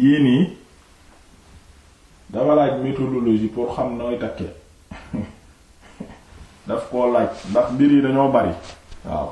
yii nii dafa laaj méthodologie pour xam nooy takke daf koo laaj ndax mbir yi dañoo bari waaw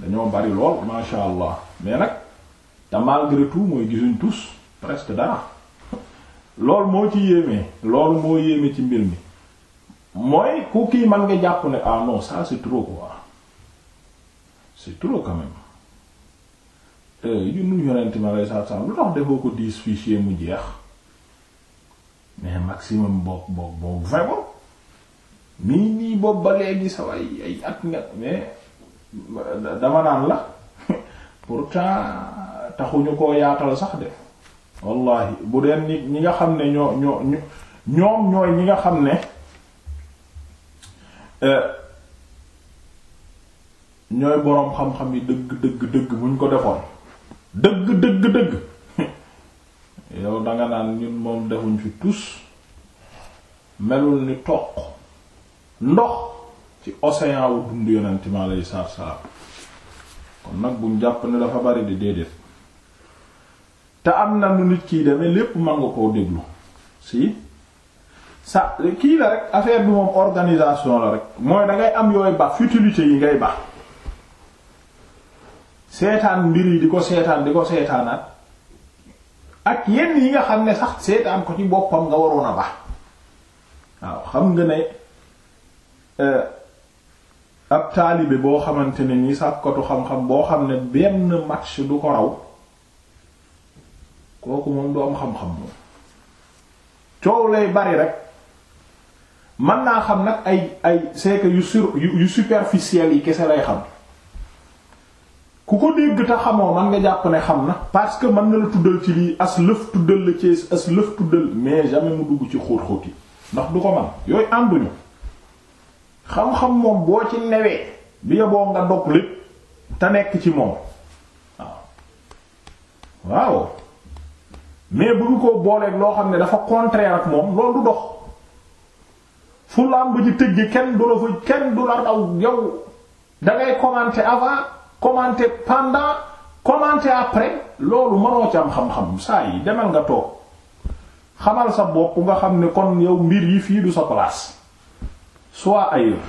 dañoo bari lool masha allah mais nag te malgré tout mooy gisuñ tous presque dara loolu moo ci yéeme lool moo yéeme ci mbir mi mooy ku kii man nga jàpp ne ah non ça c'est trop quoi c'est trop quand Euh, ñun lu tax defoo ko dix fichier mu jeex mais maximum boog boog boog vingt boog nii nii boobu ba léegi sa ay ay at nga mais dama naan la pourtant taxuñu ko yaatal sax de wallahi bu dee ni ñi nga xam ne ñoom ñoo ñoom ñooy ñi nga xam ne euh, ñooy boroom xam-xam yi dëgg dëgg dëgg buñ ko defoon dëgg dëgg dëgg yow danga naan ñun moom defuñ fi tus melul ni toq ndox ci océan wu dund yonent mi alayhi salaatu salaam kon nag buñ jàpp ni dafa bari di déedéet te am na nu nit kiy demee lépp mën nga koo déglu si sa kii la rek affaire bi moom organisation la rek mooy dangay am yooyu baax futilité yi ngay baax seetaan mbir yi di ko seetaan di ko seetaanaat ak yenn yi nga xam ne sax seetaan ko ci boppam nga waroon a baax waaw xam nga ne euh, ab taalibe boo xamante ne nii sàkkatu xam-xam boo xam ne benn match du ko raw kooku moom du xam-xam moom coow lay bari rek mën naa xam nag ay ay c'est que yu sur yu superficiel yi kese lay xam ku ko dégg te xamoo man nga jàpp ne xam na parce que mën nga la tuddal ci lii as lëf tuddal la ci as lëf tuddal mais jamais mu dugg ci xóot-xóot yi ndax du ko man yooyu ànduñu xam-xam moom boo ci newee bi yoboo nga dog lépp te nekk ci moom waaw waaw mais bëgg koo booleeg loo xam ne dafa contraire ak moom loolu du dox fu làmb ji tëgg kenn du la fa kenn du la daw yow dangay commenter avant commenter pendant commenter après loolu mënoo ci am xam-xam saa yi demal nga toog xamal sa bopp nga xam ne kon yow mbir yi fii du sa place soit ailleurs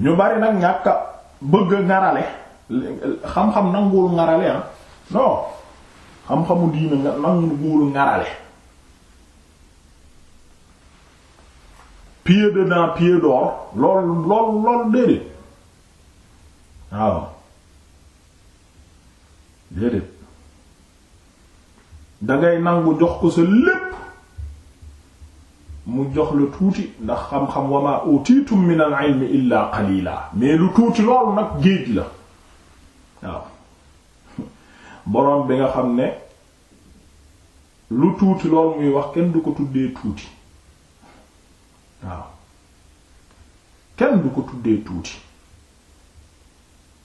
ñu bari nag ñàkk bëgg ngarale xam-xam nanguwul ngarale ah non xam-xamu diina nga nanguwul ngarale pied dedans pied dehors lool lool déedéet waaw déedéet dangay nangu jox ko sa lépp mu jox la tuuti ndax xam-xam wa ma utitum min al ilmi illa qalila mais lu tuuti loolu nag géej la waaw boroom bi nga xam ne lu tuuti loolu muy wax kenn du ko tuddee tuuti waaw kenn du ko tuddee tuuti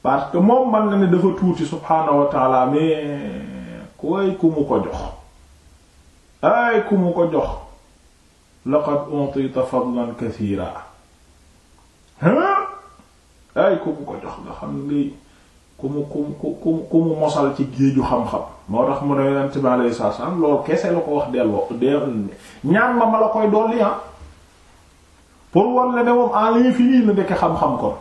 parce que moom man na ni dafa tuuti subhaanahu wa taala mais koy ku mu ko jox ay ku mu ko jox laqad untita fadlan kathira ay ku mu ko jox nga xam ne ku mu ku mu ku mu mosal ci géeju xam-xam moo tax mu ne yonent bi alayhi salaam loolu kese la ko wax delloo delloo ñaan ma ma la koy dolli ah pour war la ne moom en l'infini la ndeke xam-xam kon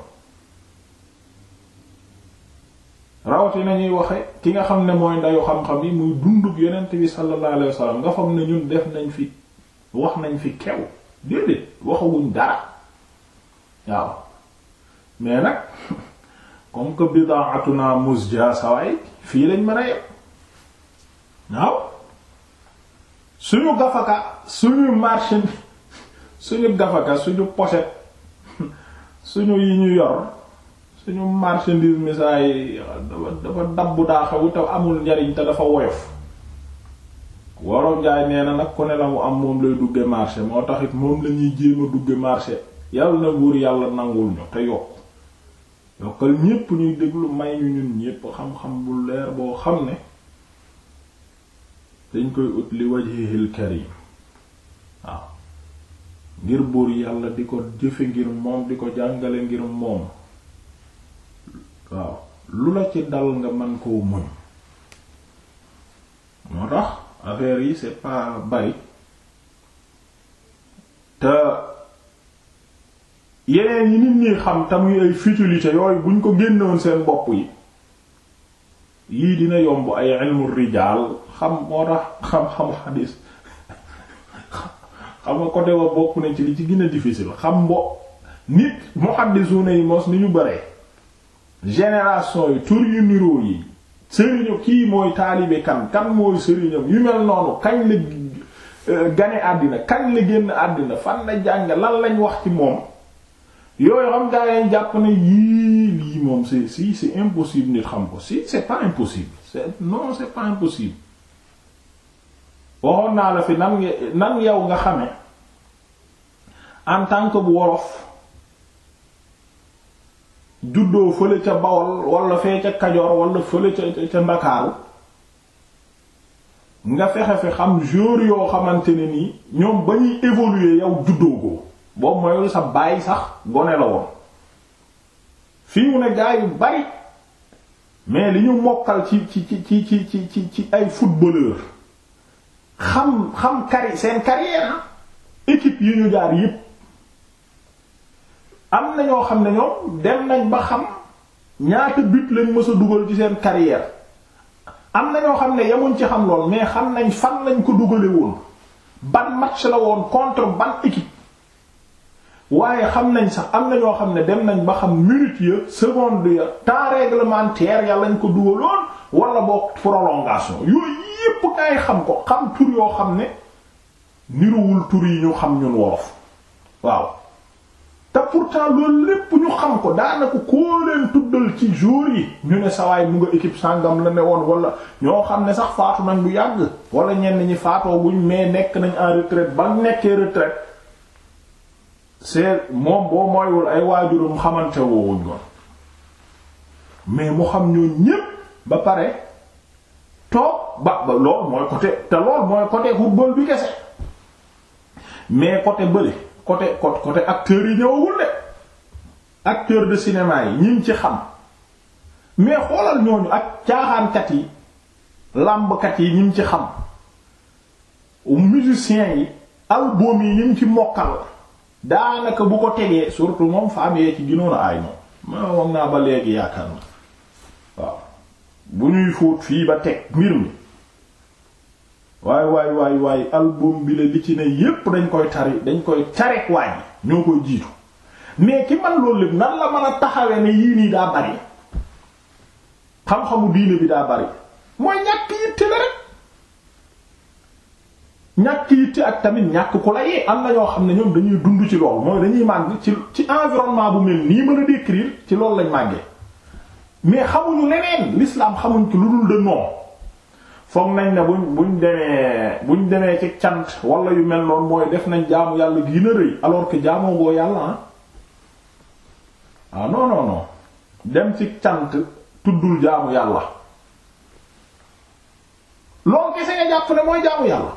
rawatina ñuy waxe ki nga xam ne mooy ndayu xam-xam yi muy dundub yonent bi sallallahu alayhi wasallam nga xam ne ñun def nañ fi wax nañ fi kew déedéet waxawuñ dara waaw mais nag comme que bidaatuna musja sawaay fii lañ mën a yem waaw suñu gafaka suñu marché suñu gafaka suñu pochette suñu yi ñu yor suñu marchandise mi saa yi dafa dafa dabb daa amul njariñ te dafa woyof woroom jaay nee na nag ku ne la mu am moom lay dugge marché moo taxit moom la ñuy jéem a dugge marché yàlla na buur yàlla nangul ñu te yokk yokkal ñépp ñuy déglu may ñu ñun ñépp xam-xam bu leer boo xam ne dañ koy ut li wajhihil karim waaw ngir buur yàlla di ko jëfe ngir moom di ko jàngale ngir moom lu la ci dal nga man koo muñ moo tax affaire yi c'est pas bari te yeneen yi nit ñi xam te muy ay futilité yooyu buñ ko génnewoon seen bopp yi yii dina yomb ay ilmu rijaal xam moo tax xam-xamu xadiis xam nga côté wa bokk nañ ci li ci gën a difficile xam mbo nit muhaddisuna yi mos ni ñu bare génération yi tur yu niroo yi sëriñu kii mooy taalibe kan kan mooy sëriñam yu mel noonu kañ la euh, gane àddina kañ la génn àddina fan la jàng lan lañ wax ci moom yooyu xam gaa yañ jàpp ne yii lii moom c'est si c'est impossible nit xam ko si c'est pas impossible c'est non c'est pas impossible waxoon naa la fi nan yow nga xame en tant que bu wolof juddoo fële ca Bawol wala fee ca Kajoor wala fële ca ca Ndakaaru nga fexe fi xam jour yoo xamante ne nii ñoom ba ñuy évoluer yow juddoo ko boobu mooy sa bàyyi sax gone la woon fii mu ne gaa yu bari mais li ñu mokkal ci ci ci ci ci ci ci ay footballeur xam xam carri seen carrière équipe yi ñu jaar yépp am na ñoo xam ne ñoom dem nañ ba xam ñaata but lañ mës a dugal ci seen carrière am na ñoo xam ne yamuñ ci xam lool mais xam nañ fan lañ ko dugale ban match la woon contre ban équipe waaye xam nañ sax am na ñoo xam ne dem nañ ba xam minute ya seconde ya temps réglementaire ya lañ ko dugaloon wala boog prolongation yooyu yépp kay xam ko xam tur yoo xam ne niruwul tur yi ñu xam ñun wolof waaw te pourtant loolu lépp ñu xam ko daanaka koo leen tuddal ci jour yi ñu ne sawaay mu nga équipe sàngam la ne woon wala ñoo xam ne sax faatu nañ bu yàgg wala ñenn ñi faatoo buñ mais nekk nañ en retraite ba nekkee retraite c'est moom boo mooywul ay waajurum xamante woowuñ woon mais mu xam ñoo ñépp ba pare toog ba ba lool mooy côté te lool mooy côté football bi kese mais côté bële côté côté côté acteurs yi ñëwagul de acteurs de cinéma yi ñi ci xam mais xoolal ñooñu ak caaxaankat yi làmbkat yi ñi ci xam musiciens yi album yi ñi ci mokkal daanaka bu ko tegee surtout moom femme yee ci ginoon a aay moom naa ba léegi yaakaar na waaw bu ñuy fóot fii ba teg mbir mi waay waay waay waay album bi la li ci ne yépp dañ koy tari dañ koy tarek waay ñoo koy jiitu mais ki man loolu lépp nan la mën a taxawee ne yii nii daa bari xam-xamu diine bi daa bari mooy ñàkk yitte la rek ñàkk yitte ak tamit ñàkk ku la yee am na ñoo xam ne ñoom dañuy dund ci lool mooy dañuy màgg ci ci environnement bu mel nii mën a décrire ci loolu lañ màggee mais xamuñu leneen l'islam xamuñ ci lu dul de non foog nañ ne buñ buñ demee buñ demee ci cant wala yu mel noonu mooy def nañ jaamu yàlla gi gën a rëy alors jaamoo ngoo yàlla ah, ah non dem ci cant tuddul jaamu yàlla loolu kese nga jàpp ne mooy jaamu yàlla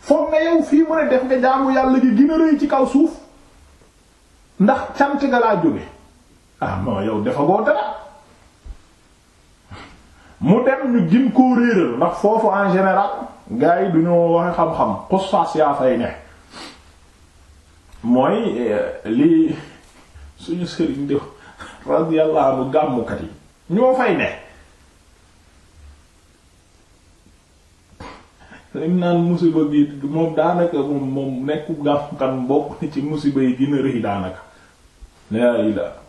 foog na yow fii mu ne def nga jaamu yàlla gi gën rëy ci kaw suuf ndax cant nga laa jóge ah non yow dafa dara mu dem ñu gin koo réeral ndax foofu en général gars yi duñoo waxe xam-xam xusaas yaa fay ne mooy euh, lii suñu sëriñ di radiyallahu anhu gàmmukat yi ñoo fay ne lim naan musiba bi moom daanaka moom moom nekku gàmmukat bokk ni ci musiba yi gën a rëy daanaka laa ilaa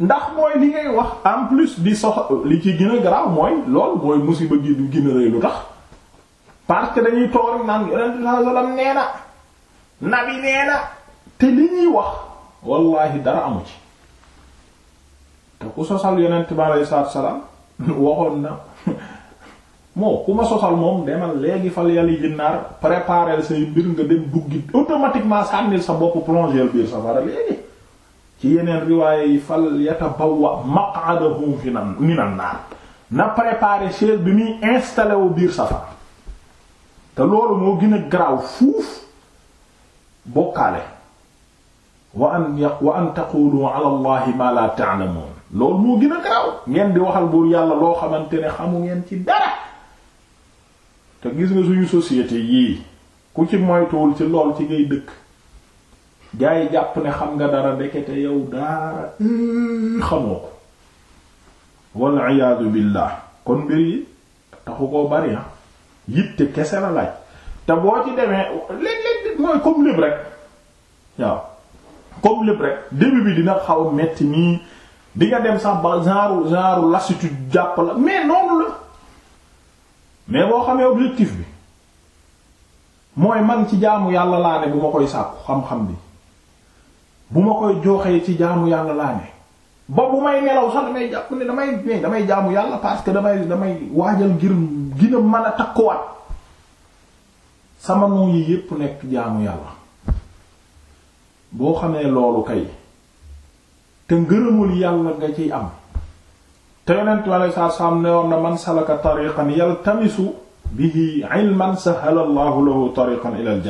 ndax mooy li ngay wax en plus di sox li ci gën a garaaw mooy lool mooy musiba gi du gën a lu tax parce que dañuy toog naan yonent bi sallallahu alayhi na nabi nee te li ñuy wax wallaahi dara amu ci te ku sosal yonent bi sallallahu alayhi wasallam waxoon na moo ku ma sosal moom demal léegi fal yàlla jinnaar préparer say mbir nga dem duggi automatiquement sànnil sa bopp plongeel biir safara léegi ci yeneen riwaaya yi fal yatabawwa maq'adahu minan naar na préparer chaise bi muy installé wu biir safara te loolu moo gën a garaaw fuuf bokkaale wa an wa an taqulu ala allahi ma la ta'lamun loolu moo gën a ngeen di waxal buur yàlla loo xamante ne xamu ngeen ci dara te gis nga suñu société yii ku ci moytuwul ci lool ci ngay dëkk gaa yi jàpp ne xam nga dara ndekete yow daara hmm. xamoo ko walla iyaadu billaah kon mbir yi taxu koo bari ah yitte kese la laaj te boo ci demee léeg-léeg mooy comme lépp rek waaw comme lépp rek début bi dina xaw metti nii di nga dem sax ba genre genre lassitude jàpp la mais noonu la mais boo xamee objectif bi mooy man ci jaamu yàlla laa ne bu ma koy sàkku xam-xam bi bu ma koy joxee ci jaamu yàlla laa ne ba bu may nelaw sax damay jàpp ne damay ne jaamu yàlla parce que damay damay waajal ngir gën a mën a takkuwaat sama noon yi yépp nekk jaamu yàlla boo xamee loolu kay te ngërëmul yàlla nga ciy am te yonent bi aleyhi salaatu salaam ne na man salaka tariqan yaltamisu bihi ilman sahala allahu lahu tariqan ila al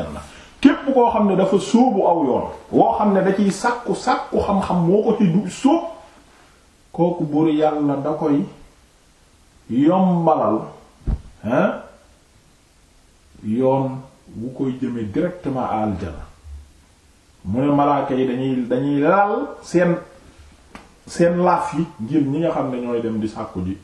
képp koo xam ne dafa sóobu aw yoon woo xam ne da ciy sàkku sàkku xam-xam moo ko ci du kooku buur yàlla da koy yombalal hein yoon wu koy jëme directement aljana mu ne malaaka yi dañuy dañuy laal seen seen laaf yi ngir ñi nga xam ne ñooy dem di sàkku ji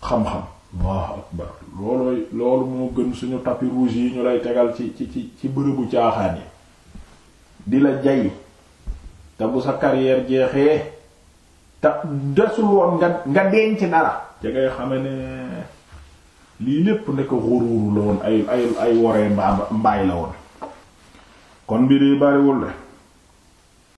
xam-xam waaw akbar loolooy loolu moo gën suñu tapis rouge yi ñu lay tegal ci ci ci ci bërëbu caaxaan yi di la jay te bu sa carrière jeexee te desul woon nga nga denc dara ca ngay xame ne lii lépp nekk xuruuru la woon ay ay ay waree mbaay la woon kon mbir yi bariwul de